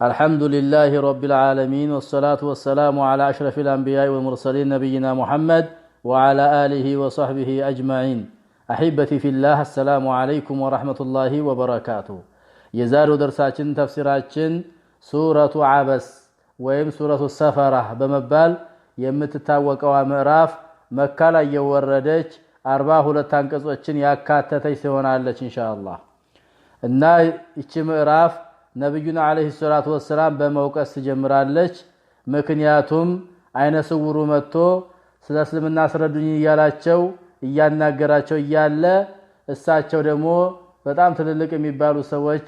الحمد لله رب العالمين والصلاة والسلام على أشرف الأنبياء والمرسلين نبينا محمد وعلى آله وصحبه أجمعين أحبتي في الله السلام عليكم ورحمة الله وبركاته يزار درساتين تفسيراتين سورة عبس ويم سورة السفرة بمبال تاوك ومعراف مكة لا يوردج أربعة ሁለት አንቀጾችን إن شاء الله እና ይቺ ምዕራፍ ነቢዩን ዓለይሂ ሰላቱ ወሰላም በመውቀስ ትጀምራለች። ምክንያቱም አይነ ስውሩ መጥቶ ስለ እስልምና አስረዱኝ እያላቸው እያናገራቸው እያለ እሳቸው ደግሞ በጣም ትልልቅ የሚባሉ ሰዎች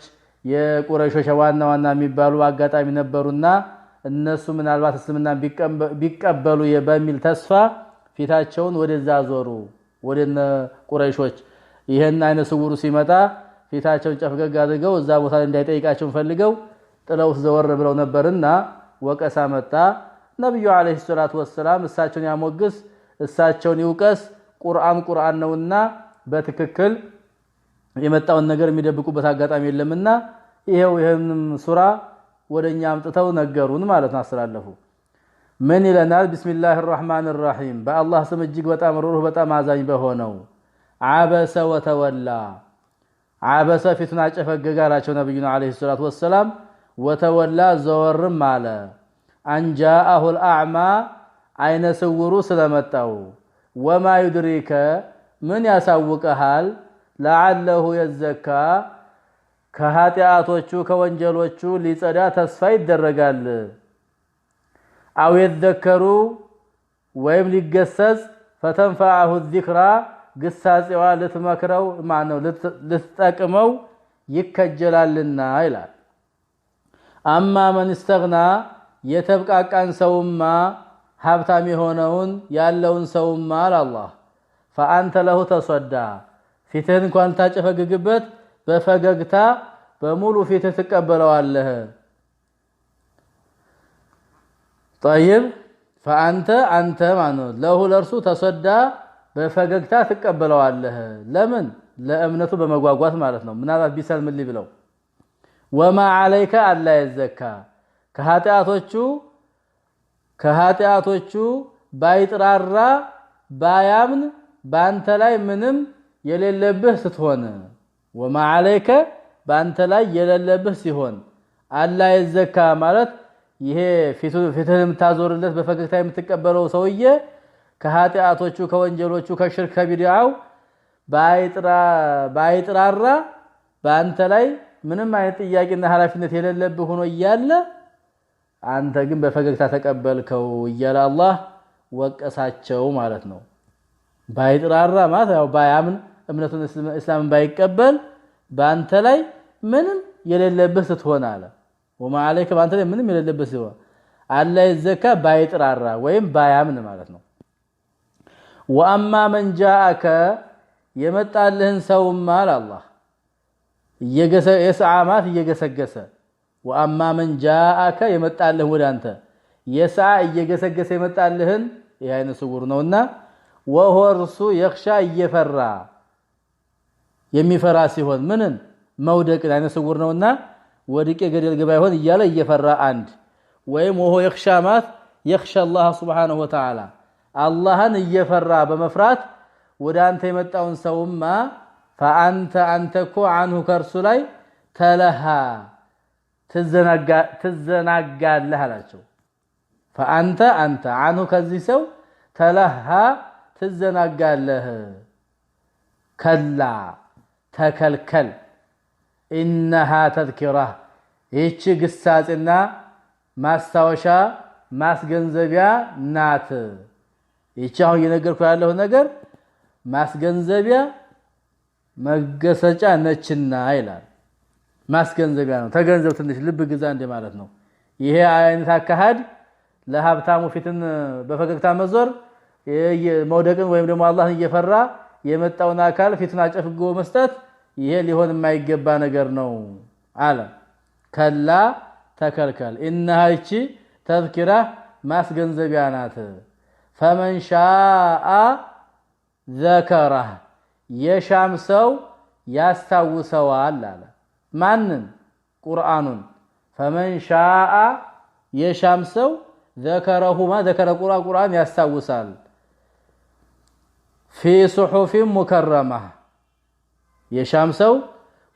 የቁረይሾች ዋና ዋና የሚባሉ አጋጣሚ ነበሩና እነሱ ምናልባት እስልምና ቢቀበሉ በሚል ተስፋ ፊታቸውን ወደዛ ዞሩ ወደነ ቁረይሾች። ይህን አይነ ስውሩ ሲመጣ ፊታቸውን ጨፍገግ አድርገው እዛ ቦታ እንዳይጠይቃቸውን ፈልገው ጥለውት ዘወር ብለው ነበርና ወቀሳ መጣ። ነቢዩ ዓለይሂ ሰላቱ ወሰላም እሳቸውን ያሞግስ፣ እሳቸውን ይውቀስ። ቁርአን ቁርአን ነውና በትክክል የመጣውን ነገር የሚደብቁበት አጋጣሚ የለምና ይሄው ይሄንም ሱራ ወደኛ አምጥተው ነገሩን ማለት ነው፣ አስተላለፉ። ምን ይለናል? ቢስሚላህ ራህማን ራሒም በአላህ ስም እጅግ በጣም ሩህ በጣም አዛኝ በሆነው አበሰ ወተወላ አበሰ ፊቱን አጨፈገገ አላቸው ነብዩና አለይሂ ሰላቱ ወሰላም። ወተወላ ዘወርም አለ አንጃአሁል አዕማ አይነ ስውሩ ስለመጣው ወማ ዩድሪከ ምን ያሳውቀሃል ለዓለሁ የዘካ ከኃጢአቶቹ ከወንጀሎቹ ሊጸዳ ተስፋ ይደረጋል። አው የዘከሩ ወይም ሊገሰጽ ፈተንፈዐሁ ዚክራ ግሳጼዋ ልትመክረው ማነው ልትጠቅመው ይከጀላልና ይላል። አማ መን ስተግና የተብቃቃን ሰውማ ሀብታም የሆነውን ያለውን ሰውማ አላላህ ፈአንተ ለሁ ተሰዳ ፊትህን እንኳን ታጨፈግግበት በፈገግታ በሙሉ ፊትህ ትቀበለዋለህ። ጠይብ ፈአንተ አንተ ማነው ለሁ ለእርሱ ተሰዳ በፈገግታ ትቀበለዋለህ። ለምን? ለእምነቱ በመጓጓት ማለት ነው። ምናልባት ምን ብለው ወማ ዓለይከ አላ የዘካ ከኃጢአቶቹ ከኃጢአቶቹ ባይጥራራ ባያምን በአንተ ላይ ምንም የሌለብህ ስትሆን ወማ ዓለይከ በአንተ ላይ የሌለብህ ሲሆን አላ የዘካ ማለት ይሄ ፊትህን የምታዞርለት በፈገግታ የምትቀበለው ሰውዬ ከኃጢአቶቹ ከወንጀሎቹ ከሽርክ ከቢድዓው ባይጥራራ በአንተ ላይ ምንም አይነት ጥያቄና ኃላፊነት የሌለብህ ሆኖ እያለ አንተ ግን በፈገግታ ተቀበልከው እያለ አላህ ወቀሳቸው ማለት ነው። ባይጥራራ ማለት ያው ባያምን እምነቱን እስላምን ባይቀበል በአንተ ላይ ምንም የሌለብህ ስትሆን አለ ወማ አለይከ በአንተ ላይ ምንም የሌለብህ ሲሆን አላህ ይዘካ ባይጥራራ ወይም ባያምን ማለት ነው። ወአማ መን ጃአከ የመጣልህን ሰውማ አለ አላህ የስዓ ማት እየገሰገሰ ወአማ መን ጃአከ የመጣልህን ወደ አንተ የስዓ እየገሰገሰ የመጣልህን ይህ አይነ ስውር ነውና ወሆ እርሱ የኽሻ እየፈራ የሚፈራ ሲሆን ምንን መውደቅን አይነ ስውር ነውና ወድቄ ገደል ግባ ይሆን እያለ እየፈራ አንድ ወይም ወሆ የኽሻ ማት የኽሻ አላህ ስብሓነሁ ወተዓላ አላህን እየፈራ በመፍራት ወደ አንተ የመጣውን ሰውማ ፈአንተ አንተ እኮ አንሁ ከእርሱ ላይ ተለሃ ትዘናጋለህ አላቸው። ፈአንተ አንተ አንሁ ከዚህ ሰው ተለሃ ትዘናጋለህ። ከላ ተከልከል ኢነሃ ተዝኪራ ይህች ግሳጼና ማስታወሻ ማስገንዘቢያ ናት። ይቺ አሁን እየነገርኩ ያለው ነገር ማስገንዘቢያ መገሰጫ ነችና ይላል። ማስገንዘቢያ ነው። ተገንዘብ፣ ትንሽ ልብ ግዛ እንደ ማለት ነው። ይሄ አይነት አካሄድ ለሀብታሙ ፊትን በፈገግታ መዞር መውደቅን ወይም ደግሞ አላህን እየፈራ የመጣውን አካል ፊቱን አጨፍጎ መስጠት ይሄ ሊሆን የማይገባ ነገር ነው አለ። ከላ ተከልከል። ኢነሃ ይቺ ተዝኪራ ማስገንዘቢያ ናት። ፈመን ሻአ ዘከረህ የሻም ሰው ያስታውሰዋል አለ። ማንን? ቁርአኑን። ፈመን ሻአ የሻም ሰው ዘከረሁማ ዘከረ ቁርአን ቁርአን ያስታውሳል። ፊ ሱሑፊን ሙከረማ የሻም ሰው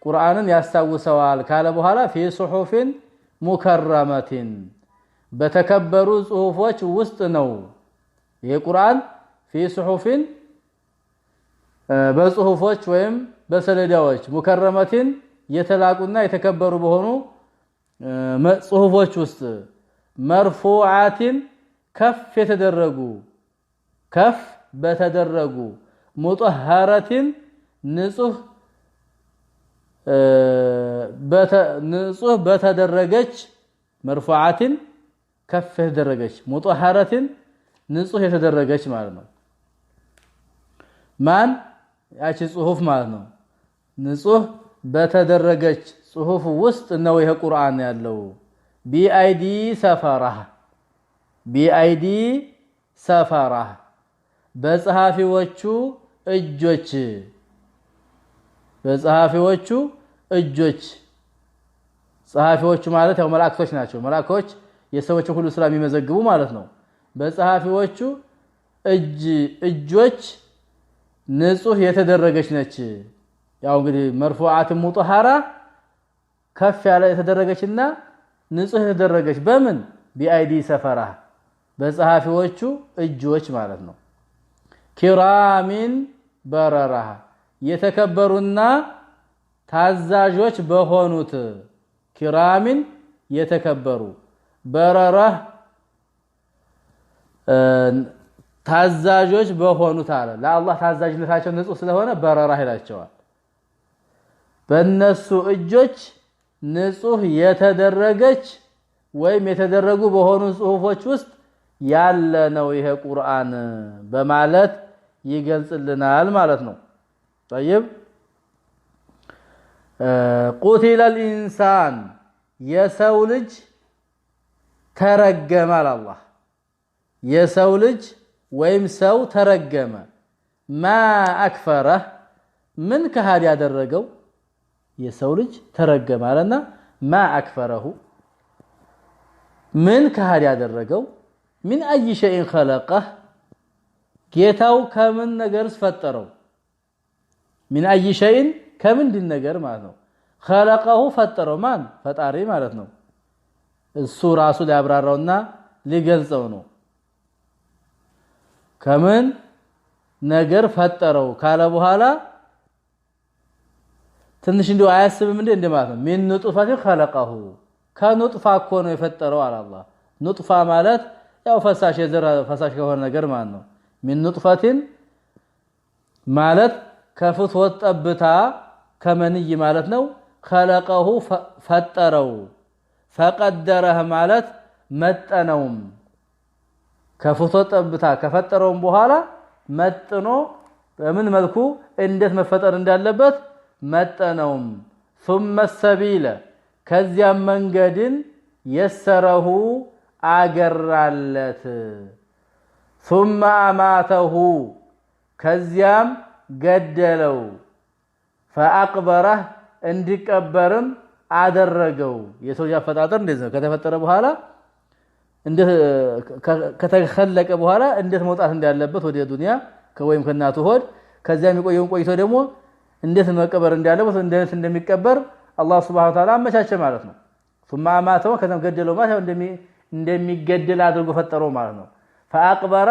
ቁርአንን ያስታውሰዋል ካለ በኋላ ፊ ሱሑፊን ሙከረመትን በተከበሩ ጽሑፎች ውስጥ ነው ይሄ ቁርአን ፊ ሱሑፊን በጽሁፎች ወይም በሰሌዳዎች ሙከረመትን የተላቁና የተከበሩ በሆኑ ጽሁፎች ውስጥ መርፉዓትን ከፍ የተደረጉ ከፍ በተደረጉ ሙጠሃረቲን ንጹህ በተደረገች መርፉዓቲን ከፍ የተደረገች ሙጠሃረትን ንጹህ የተደረገች ማለት ነው። ማን ያቺ ጽሁፍ ማለት ነው። ንጹህ በተደረገች ጽሁፍ ውስጥ ነው ይሄ ቁርአን ያለው። ቢአይዲ ሰፈራህ ቢአይዲ ሰፈራህ በጸሐፊዎቹ እጆች በጸሐፊዎቹ እጆች ጸሐፊዎቹ ማለት ያው መላእክቶች ናቸው። መላእክቶች የሰዎችን ሁሉ ስራ የሚመዘግቡ ማለት ነው። በጸሐፊዎቹ እጅ እጆች ንጹህ የተደረገች ነች። ያው እንግዲህ መርፉዓት ሙጠሃራ ከፍ ያለ የተደረገችና ንጹህ የተደረገች በምን ቢአይዲ ሰፈራ በጸሐፊዎቹ እጆች ማለት ነው። ኪራሚን በረራ የተከበሩና ታዛዦች በሆኑት ኪራሚን የተከበሩ በረራህ ታዛዦች በሆኑት አለ ለአላህ ታዛዥነታቸው ንጹህ ስለሆነ በረራ ይላቸዋል። በእነሱ እጆች ንጹህ የተደረገች ወይም የተደረጉ በሆኑ ጽሁፎች ውስጥ ያለ ነው ይሄ ቁርአን በማለት ይገልጽልናል ማለት ነው። ጠይብ ቁቲለል ኢንሳን የሰው ልጅ ተረገማል አላህ የሰው ልጅ ወይም ሰው ተረገመ። ማ አክፈረህ ምን ከሃድ ያደረገው? የሰው ልጅ ተረገመ አለና ማ አክፈረሁ ምን ከሃድ ያደረገው? ሚን አይ ሸይን ኸለቀህ ጌታው ከምን ነገርስ ፈጠረው? ምን አይ ሸይን ከምንድን ነገር ማለት ነው። ኸለቀሁ ፈጠረው፣ ማን ፈጣሪ ማለት ነው። እሱ ራሱ ሊያብራራውና ሊገልጸው ነው። ከምን ነገር ፈጠረው ካለ በኋላ ትንሽ እንዲሁ አያስብም እንዴ እንደማለት ነው። ሚን ንጡፋት ኸለቀሁ ከኑጥፋ እኮ ነው የፈጠረው አለ አላህ። ኑጥፋ ማለት ያው ፈሳሽ የዘር ፈሳሽ ከሆነ ነገር ማለት ነው። ሚን ኑጥፈትን ማለት ከፍትወት ጠብታ ከመንይ ማለት ነው። ኸለቀሁ ፈጠረው። ፈቀደረህ ማለት መጠነውም ከፎቶ ጠብታ ከፈጠረውም በኋላ መጥኖ በምን መልኩ እንዴት መፈጠር እንዳለበት መጠነውም ثم السبيل ከዚያም መንገድን የሰረሁ አገራለት ثم አማተሁ ከዚያም ገደለው ፈአቅበረህ እንዲቀበርም አደረገው። የሰው አፈጣጠር እንደዚህ ነው። ከተፈጠረ በኋላ ከተከለቀ በኋላ እንዴት መውጣት እንዳለበት ወደ ዱንያ ከወይም ከእናቱ ሆድ ከዚያ የሚቆየውን ቆይቶ ደግሞ እንዴት መቀበር እንዳለበት እንዴት እንደሚቀበር አላህ ሱብሓነሁ ወተዓላ አመቻቸ ማለት ነው። ሱማ አማተው ከዛም ገደለው ማለት እንደሚገድል አድርጎ ፈጠረው ማለት ነው። ፈአቅበረ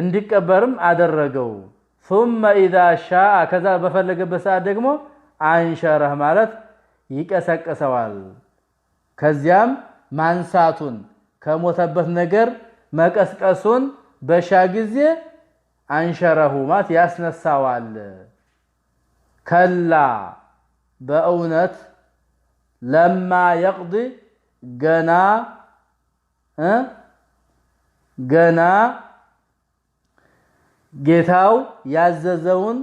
እንዲቀበርም አደረገው። ሱመ ኢዛ ሻአ ከዛ በፈለገበት ሰዓት ደግሞ አንሸረህ ማለት ይቀሰቅሰዋል። ከዚያም ማንሳቱን ከሞተበት ነገር መቀስቀሱን በሻ ጊዜ አንሸረሁ ማለት ያስነሳዋል። ከላ በእውነት ለማ የቅድ ገና ገና ጌታው ያዘዘውን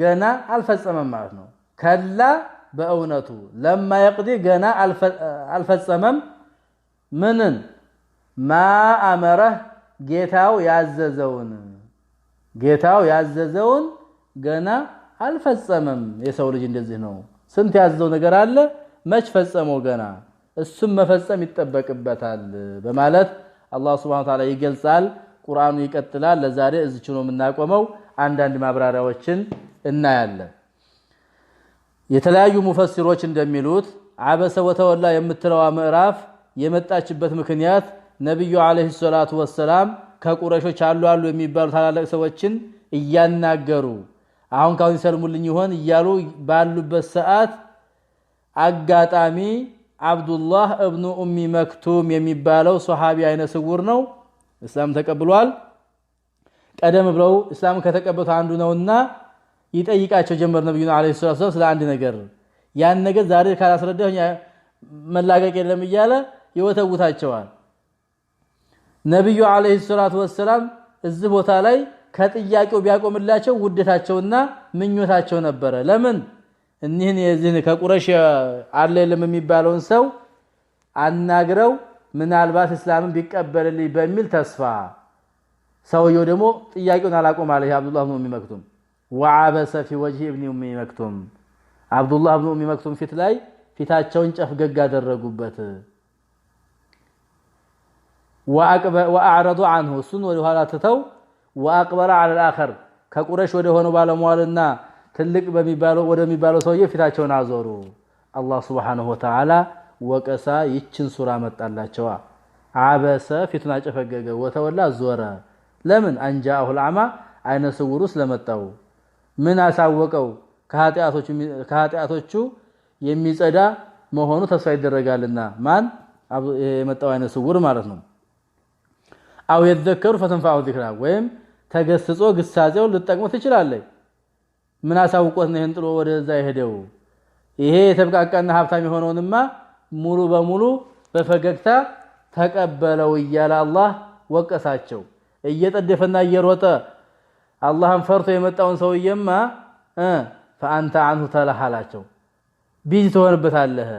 ገና አልፈጸመም ማለት ነው። ከላ በእውነቱ ለማ የቅዲ ገና አልፈጸመም ምንን ማ አመረህ ጌታው ያዘዘውን ጌታው ያዘዘውን ገና አልፈጸመም። የሰው ልጅ እንደዚህ ነው። ስንት ያዘዘው ነገር አለ፣ መች ፈጸመው ገና። እሱም መፈጸም ይጠበቅበታል በማለት አላህ ሱብሓነሁ ወተዓላ ይገልጻል። ቁርአኑ ይቀጥላል። ለዛሬ እዚች ነው የምናቆመው። አንዳንድ ማብራሪያዎችን እናያለን። የተለያዩ ሙፈሲሮች እንደሚሉት አበሰ ወተወላ የምትለዋ ምዕራፍ የመጣችበት ምክንያት ነቢዩ ዓለይሂ ሰላቱ ወሰላም ከቁረሾች አሉ አሉ የሚባሉ ታላላቅ ሰዎችን እያናገሩ አሁን ካሁን ይሰልሙልኝ ይሆን እያሉ ባሉበት ሰዓት አጋጣሚ አብዱላህ እብኑ ኡሚ መክቱም የሚባለው ሶሐቢ አይነ ስውር ነው። እስላም ተቀብሏል። ቀደም ብለው እስላም ከተቀበሉት አንዱ ነውና ይጠይቃቸው ጀመር ነቢዩና ዓለይሂ ሰላቱ ወሰላም ስለ አንድ ነገር። ያን ነገር ዛሬ ካላስረዳሁኝ መላቀቅ የለም እያለ ይወተውታቸዋል። ነቢዩ ዓለይሂ ሰላቱ ወሰላም እዚህ ቦታ ላይ ከጥያቄው ቢያቆምላቸው ውደታቸውና ምኞታቸው ነበረ። ለምን እኒህን የዚህን ከቁረሽ አለ የለም የሚባለውን ሰው አናግረው ምናልባት እስላምን ቢቀበልልኝ በሚል ተስፋ ሰውየው ደግሞ ጥያቄውን አላቆም አለ አብዱላህ ነው የሚመክቱም ወዓበሰ ፊ ወጅህ እብኒ ኡሚ መክቱም አብዱላህ እብኑ ኡሚ መክቱም ፊት ላይ ፊታቸውን ጨፍገግ አደረጉበት። ወአዕረዱ አንሁ እሱን ወደ ኋላ ትተው ወአቅበላ ዐለል አኸር ከቁረሽ ወደ ሆነው ባለሟልና ትልቅ ወደሚባለው ሰውዬ ፊታቸውን አዞሩ። አላህ ሱብሓነሁ ወተዓላ ወቀሳ ይችን ሱራ መጣላቸዋ። አበሰ ፊቱን አጨፈገገ፣ ወተወላ ዞረ። ለምን አንጃአሁል አማ አይነ ስውሩ ስለመጣው ምን አሳወቀው ከኃጢአቶቹ የሚጸዳ መሆኑ ተስፋ ይደረጋልና ማን የመጣው አይነ ስውር ማለት ነው። አው የዘከሩ ፈተንፋው ዚክራ ወይም ተገስጾ ግሳጼው ልጠቅሙት ትችላለህ። ምን አሳውቆት ነው ይሄን ጥሎ ወደዛ የሄደው? ይሄ የተብቃቃና ሀብታም የሆነውንማ ሙሉ በሙሉ በፈገግታ ተቀበለው እያለ አላህ ወቀሳቸው። እየጠደፈና እየሮጠ አላህን ፈርቶ የመጣውን ሰውዬማ ፈአንተ አንሁ ተለህ ቢዚ ትሆንበታለህ።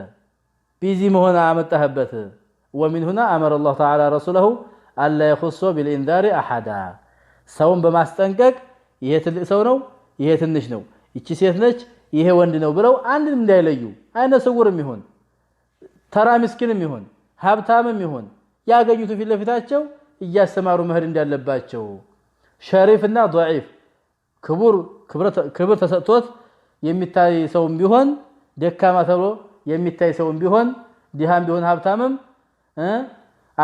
ቢዚ መሆን አመጣህበት። ወሚን ሁና አመረ አላሁ ተዓላ ረሱለሁ አላ የኹሶ ቢልኢንዛሪ አሐዳ። ሰውን በማስጠንቀቅ ይሄ ትልቅ ሰው ነው፣ ይሄ ትንሽ ነው፣ ይቺ ሴት ነች፣ ይሄ ወንድ ነው ብለው አንድንም እንዳይለዩ አይነ ስውርም ይሁን ተራ ምስኪንም ይሁን ሀብታምም ይሁን ያገኙትን ፊት ለፊታቸው እያስተማሩ መሄድ እንዳለባቸው ሸሪፍና ضعيፍ ክቡር ክብር ተሰጥቶት የሚታይ ሰውም ቢሆን ደካማ ተብሎ የሚታይ ሰውም ቢሆን ድሃም ቢሆን ሀብታምም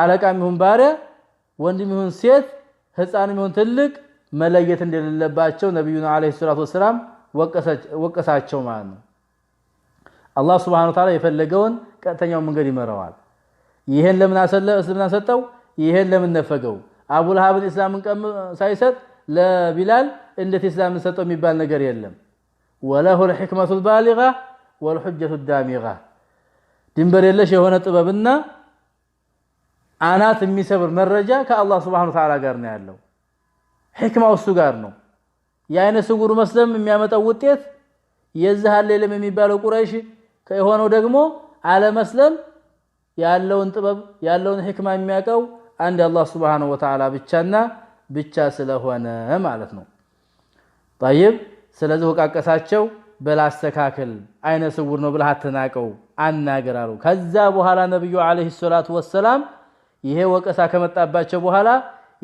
አለቃም ይሁን ባሪያ ወንድም ይሁን ሴት ህፃንም ይሁን ትልቅ መለየት እንደሌለባቸው ነቢዩና ዓለይሂ ሰላቱ ወሰላም ወቀሳቸው ማለት ነው። አላህ ስብሐነሁ ወተዓላ የፈለገውን ቀጥተኛውን መንገድ ይመራዋል። ይህን ለምን አሰለ እስልምና ሰጠው? ይሄን ለምን ነፈገው? አቡልሃብን እስላምን ቀም ሳይሰጥ ለቢላል እንዴት እስላምን ሰጠው የሚባል ነገር የለም። ወለሁ ልሕክመቱ ልባሊጋ ወልሑጀቱ ዳሚጋ ድንበር የለሽ የሆነ ጥበብና አናት የሚሰብር መረጃ ከአላህ ስብሐነ ወተዓላ ጋር ነው ያለው። ሕክማው እሱ ጋር ነው። የአይነ ስውሩ መስለም የሚያመጣው ውጤት የዚህ አለ የለም የሚባለው ቁረይሽ የሆነው ደግሞ አለመስለም ያለውን ጥበብ ያለውን ሕክማ የሚያውቀው አንድ አላህ ስብሓነሁ ወተዓላ ብቻና ብቻ ስለሆነ ማለት ነው። ጠይብ ስለዚህ ወቃቀሳቸው በላስተካክል አይነ ስውር ነው ብለህ አትናቀው አናገር አሉ። ከዛ በኋላ ነቢዩ ዓለይሂ ሰላቱ ወሰላም ይሄ ወቀሳ ከመጣባቸው በኋላ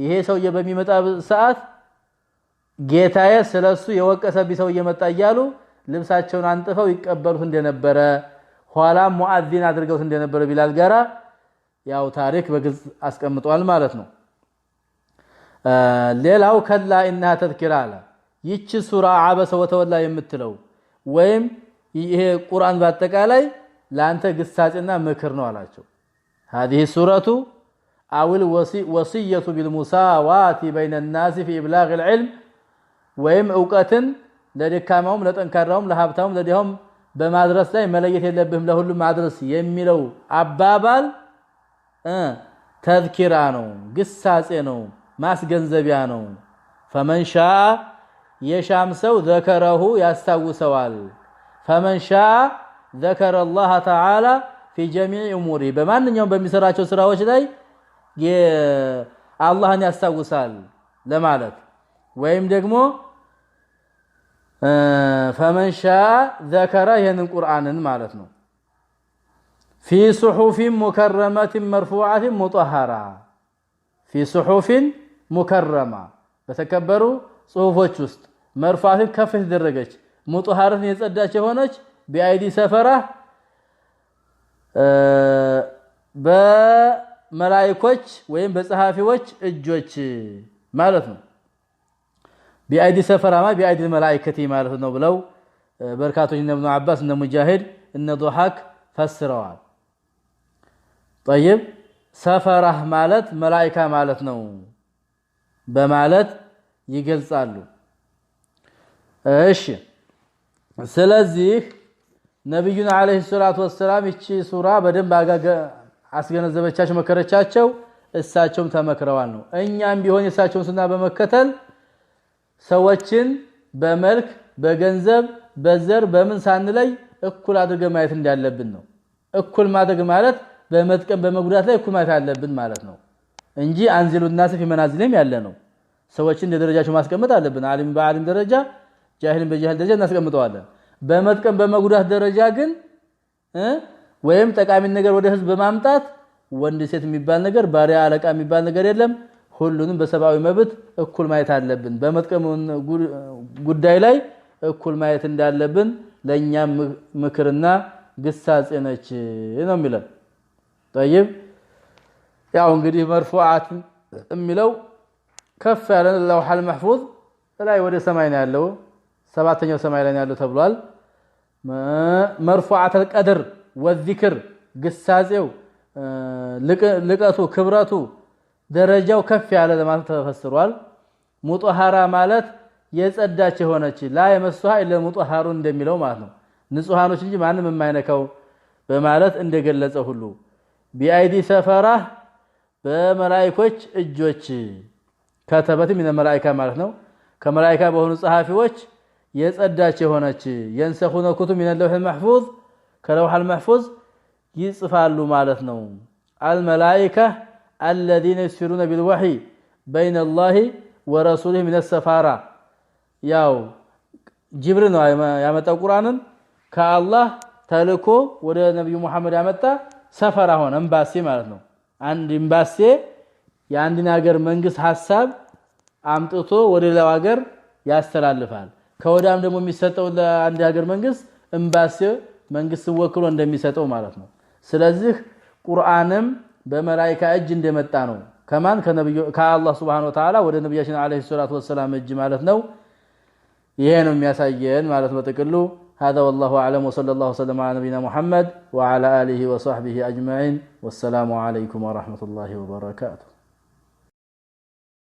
ይሄ ሰውየ በሚመጣ ሰዓት ጌታዬ ስለሱ የወቀሰ ሰው እየመጣ እያሉ ልብሳቸውን አንጥፈው ይቀበሉት እንደነበረ ኋላ ሙአዚን አድርገውት እንደነበረ ቢላል ጋራ ያው ታሪክ በግልጽ አስቀምጧል ማለት ነው። ሌላው ከላ ኢነሃ ተዝኪራ አለ። ይቺ ሱራ አበሰ ወተወላ የምትለው ወይም ይሄ ቁርአን በአጠቃላይ ለአንተ ግሳጭና ምክር ነው አላቸው። هذه ሱረቱ አውል ወሲየቱ ቢልሙሳዋቲ በይነ ናሲ ፊ ኢብላግ ልዕልም ወይም እውቀትን ለደካማውም ለጠንካራውም ለሀብታውም ለዲያውም በማድረስ ላይ መለየት የለብህም ለሁሉም ማድረስ የሚለው አባባል ተዝኪራ ነው፣ ግሳጼ ነው፣ ማስገንዘቢያ ነው። ፈመንሻ የሻም ሰው ዘከረሁ ያስታውሰዋል። ፈመንሻ ዘከረ አላህ ተዓላ ፊ ጀሚዕ እሙሪ በማንኛውም በሚሰራቸው ስራዎች ላይ አላህን ያስታውሳል ለማለት ወይም ደግሞ ፈመንሻ ዘከረ ይህንን ቁርአንን ማለት ነው። ፊ ሱሑፊን ሙከረመትን መርፉዓትን ሙጠሃራ ፊ ሱሑፊን ሙከረማ በተከበሩ ጽሁፎች ውስጥ መርፋትን ከፍ የተደረገች ሙጠሃራትን የጸዳች የሆነች ቢአይዲ ሰፈራ በመላይኮች ወይም በጸሐፊዎች እጆች ማለት ነው። ቢአይዲ ሰፈራማ ቢአይዲ መላይከቲ ማለት ነው ብለው በርካቶች እነ እብኑ አባስ እነ ሙጃሂድ እነ ዶሐክ ፈስረዋል። ጠይብ ሰፈራህ ማለት መላይካ ማለት ነው በማለት ይገልጻሉ። እሺ ስለዚህ ነቢዩን ዓለይሂ ሰላቱ ወሰላም ይቺ ሱራ በደንብ አስገነዘበቻቸው፣ መከረቻቸው። እሳቸውም ተመክረዋል ነው። እኛም ቢሆን የእሳቸውን ሱና በመከተል ሰዎችን በመልክ በገንዘብ በዘር በምን ሳንለይ እኩል አድርገ ማየት እንዳለብን ነው። እኩል ማድረግ ማለት በመጥቀም በመጉዳት ላይ ኩማት አለብን ማለት ነው እንጂ አንዚሉና ፊ መናዝልም ያለ ነው። ሰዎችን እንደደረጃቸው ማስቀመጥ አለብን። አሊም በአሊም ደረጃ፣ ጃሂልን በጃሂል ደረጃ እናስቀምጠዋለን። በመጥቀም በመጉዳት ደረጃ ግን ወይም ጠቃሚን ነገር ወደ ህዝብ በማምጣት ወንድ ሴት የሚባል ነገር ባሪያ አለቃ የሚባል ነገር የለም። ሁሉንም በሰብአዊ መብት እኩል ማየት አለብን። በመጥቀም ጉዳይ ላይ እኩል ማየት እንዳለብን ለእኛም ምክርና ግሳጼ ነች ነው የሚለው። ጠይብ ያው እንግዲህ መርፉዓት የሚለው ከፍ ያለ ለውሐል መሕፉዝ ላይ ወደ ሰማይ ነው ያለው፣ ሰባተኛው ሰማይ ላይ ያለው ተብሏል። መርፉዓተል ቀድር ወዚክር ግሳጼው፣ ልቀቱ፣ ክብረቱ፣ ደረጃው ከፍ ያለ ለማለት ተፈስሯል። ሙጠሃራ ማለት የጸዳች የሆነች ላ የመሱሃ ኢለ ሙጠሃሩን እንደሚለው ማለት ነው። ንጹሃኖች እንጂ ማንም የማይነካው በማለት እንደገለጸ ሁሉ ቢአይዲ ሰፈራ በመላይኮች እጆች ከተበት ሚነ መላይካ ማለት ነው። ከመላይካ በሆኑ ጸሐፊዎች የጸዳች የሆነች የንሰኹነ ኩቱብ ሚነ ለውሕ መሕፉዝ ከለውሐል መሕፉዝ ይጽፋሉ ማለት ነው። አልመላይካ አለዚነ ዩስፊሩነ ቢልወሕይ በይነ ላሂ ወረሱሊህ ሚነ ሰፋራ ያው ጅብር ነው ያመጣው ቁርአንን ከአላህ ተልኮ ወደ ነቢዩ ሙሐመድ ያመጣ ሰፈር አሁን ኤምባሲ ማለት ነው። አንድ ኤምባሲ የአንድን ሀገር መንግስት ሀሳብ አምጥቶ ወደ ሌላው ሀገር ያስተላልፋል። ከወዳም ደግሞ የሚሰጠው ለአንድ ሀገር መንግስት ኤምባሲ መንግስት ወክሎ እንደሚሰጠው ማለት ነው። ስለዚህ ቁርአንም በመላይካ እጅ እንደመጣ ነው። ከማን ከአላህ ስብሐነ ወተዓላ ወደ ነቢያችን ዓለይሂ ሰላቱ ወሰላም እጅ ማለት ነው። ይሄ ነው የሚያሳየን ማለት ነው ጥቅሉ هذا والله أعلم وصلى الله وسلم على نبينا محمد وعلى آله وصحبه أجمعين والسلام عليكم ورحمة الله وبركاته